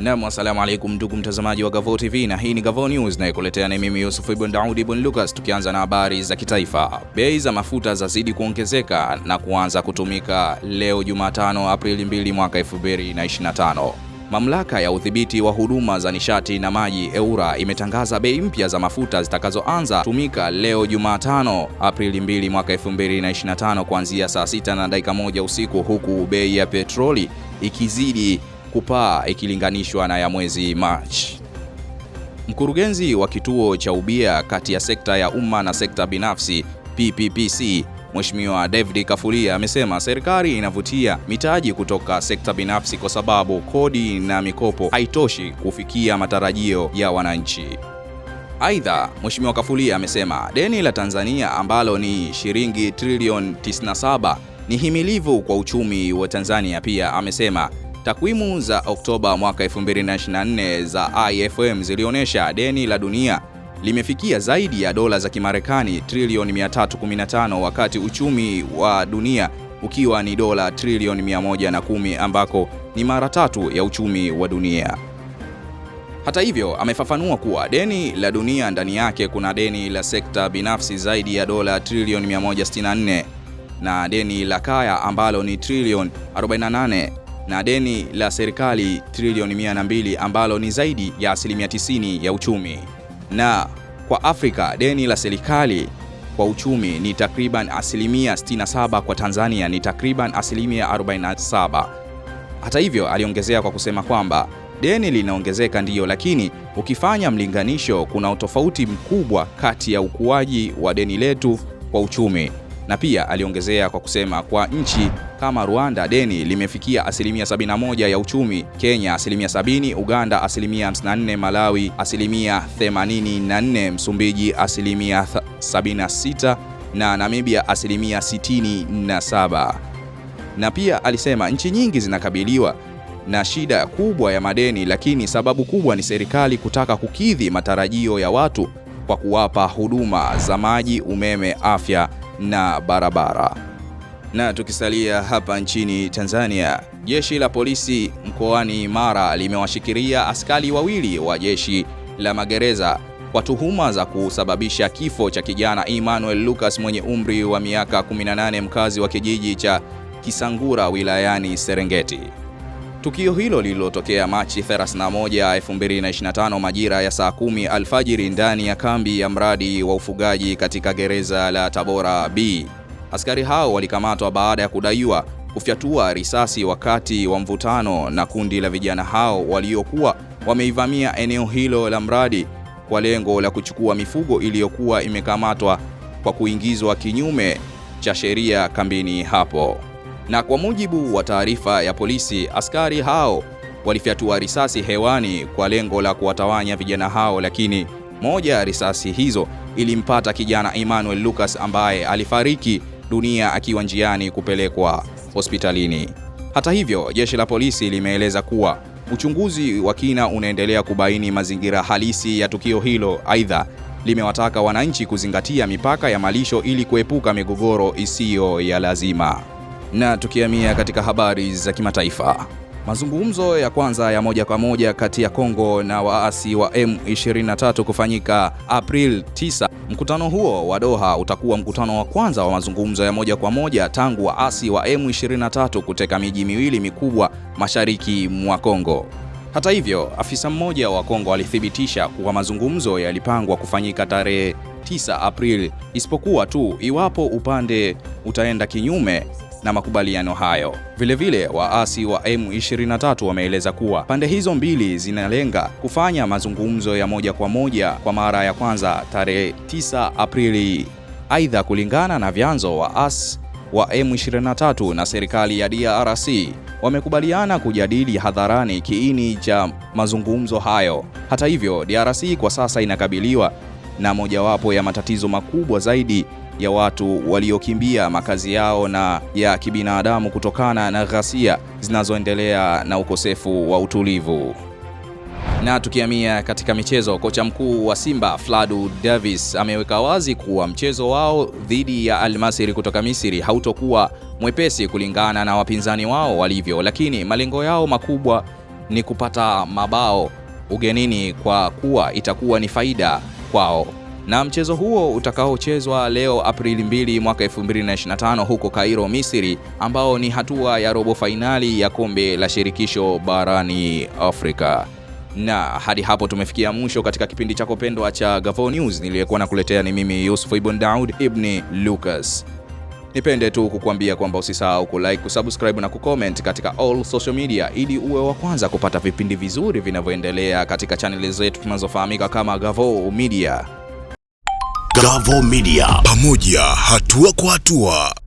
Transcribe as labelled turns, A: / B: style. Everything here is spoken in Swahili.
A: Naam, asalamu alaykum ndugu mtazamaji wa Gavoo TV na hii ni Gavoo News na kuletea na mimi Yusuf Ibn Daud Ibn Lucas, tukianza na habari za kitaifa. Bei za mafuta zazidi kuongezeka na kuanza kutumika leo Jumatano Aprili 2 mwaka 2025. Mamlaka ya udhibiti wa huduma za nishati na maji EWURA imetangaza bei mpya za mafuta zitakazoanza tumika leo Jumatano Aprili 2 mwaka 2025 kuanzia saa 6 na dakika moja usiku huku bei ya petroli ikizidi kupaa ikilinganishwa na ya mwezi Machi. Mkurugenzi wa kituo cha ubia kati ya sekta ya umma na sekta binafsi PPPC Mheshimiwa David Kafulia amesema serikali inavutia mitaji kutoka sekta binafsi kwa sababu kodi na mikopo haitoshi kufikia matarajio ya wananchi. Aidha, Mheshimiwa Kafulia amesema deni la Tanzania ambalo ni shilingi trilioni 97 ni himilivu kwa uchumi wa Tanzania. Pia amesema Takwimu za Oktoba mwaka 2024 za IFM zilionyesha deni la dunia limefikia zaidi ya dola za Kimarekani trilioni 315 wakati uchumi wa dunia ukiwa ni dola trilioni 110 ambako ni mara tatu ya uchumi wa dunia. Hata hivyo, amefafanua kuwa deni la dunia ndani yake kuna deni la sekta binafsi zaidi ya dola trilioni 164 na deni la kaya ambalo ni trilioni 48 na deni la serikali trilioni 200 ambalo ni zaidi ya asilimia 90 ya uchumi. Na kwa Afrika deni la serikali kwa uchumi ni takriban asilimia 67, kwa Tanzania ni takriban asilimia 47. Hata hivyo, aliongezea kwa kusema kwamba deni linaongezeka ndiyo, lakini ukifanya mlinganisho, kuna utofauti mkubwa kati ya ukuaji wa deni letu kwa uchumi na pia aliongezea kwa kusema kwa nchi kama Rwanda deni limefikia asilimia 71 ya uchumi, Kenya asilimia 70, Uganda asilimia 54, Malawi asilimia 84, Msumbiji asilimia 76 na Namibia asilimia 67. Na pia alisema nchi nyingi zinakabiliwa na shida kubwa ya madeni, lakini sababu kubwa ni serikali kutaka kukidhi matarajio ya watu kwa kuwapa huduma za maji, umeme, afya na barabara. Na tukisalia hapa nchini Tanzania, jeshi la polisi mkoani Mara limewashikilia askari wawili wa jeshi la magereza kwa tuhuma za kusababisha kifo cha kijana Emmanuel Lucas mwenye umri wa miaka 18 mkazi wa kijiji cha Kisangura wilayani Serengeti. Tukio hilo lililotokea Machi 31, 2025 majira ya saa kumi alfajiri ndani ya kambi ya mradi wa ufugaji katika gereza la Tabora B. Askari hao walikamatwa baada ya kudaiwa kufyatua risasi wakati wa mvutano na kundi la vijana hao waliokuwa wameivamia eneo hilo la mradi kwa lengo la kuchukua mifugo iliyokuwa imekamatwa kwa kuingizwa kinyume cha sheria kambini hapo na kwa mujibu wa taarifa ya polisi, askari hao walifyatua risasi hewani kwa lengo la kuwatawanya vijana hao, lakini moja ya risasi hizo ilimpata kijana Emmanuel Lucas ambaye alifariki dunia akiwa njiani kupelekwa hospitalini. Hata hivyo, jeshi la polisi limeeleza kuwa uchunguzi wa kina unaendelea kubaini mazingira halisi ya tukio hilo. Aidha, limewataka wananchi kuzingatia mipaka ya malisho ili kuepuka migogoro isiyo ya lazima. Na tukiamia katika habari za kimataifa, mazungumzo ya kwanza ya moja kwa moja kati ya Kongo na waasi wa M23 kufanyika April 9. Mkutano huo wa Doha utakuwa mkutano wa kwanza wa mazungumzo ya moja kwa moja tangu waasi wa M23 kuteka miji miwili mikubwa mashariki mwa Kongo. Hata hivyo, afisa mmoja wa Kongo alithibitisha kuwa mazungumzo yalipangwa kufanyika tarehe 9 april isipokuwa tu iwapo upande utaenda kinyume na makubaliano hayo. Vilevile, waasi wa M23 wameeleza kuwa pande hizo mbili zinalenga kufanya mazungumzo ya moja kwa moja kwa mara ya kwanza tarehe 9 Aprili. Aidha, kulingana na vyanzo, waasi wa M23 na serikali ya DRC wamekubaliana kujadili hadharani kiini cha mazungumzo hayo. Hata hivyo, DRC kwa sasa inakabiliwa na mojawapo ya matatizo makubwa zaidi ya watu waliokimbia makazi yao na ya kibinadamu kutokana na ghasia zinazoendelea na ukosefu wa utulivu. Na tukiamia katika michezo, kocha mkuu wa Simba Fladu Davis ameweka wazi kuwa mchezo wao dhidi ya almasiri kutoka Misri hautokuwa mwepesi kulingana na wapinzani wao walivyo, lakini malengo yao makubwa ni kupata mabao ugenini kwa kuwa itakuwa ni faida kwao na mchezo huo utakaochezwa leo Aprili 2 mwaka 2025 huko Cairo, Misri, ambao ni hatua ya robo fainali ya kombe la shirikisho barani Afrika. Na hadi hapo tumefikia mwisho katika kipindi chako pendwa cha Gavoo News. Niliyekuwa nakuletea ni mimi Yusuf Ibn Daud Ibni Lucas. Nipende tu kukuambia kwamba usisahau kulike, kusubscribe na kucomment katika all social media ili uwe wa kwanza kupata vipindi vizuri vinavyoendelea katika chaneli zetu tunazofahamika kama gavo Media. Gavo Media, pamoja hatua kwa hatua.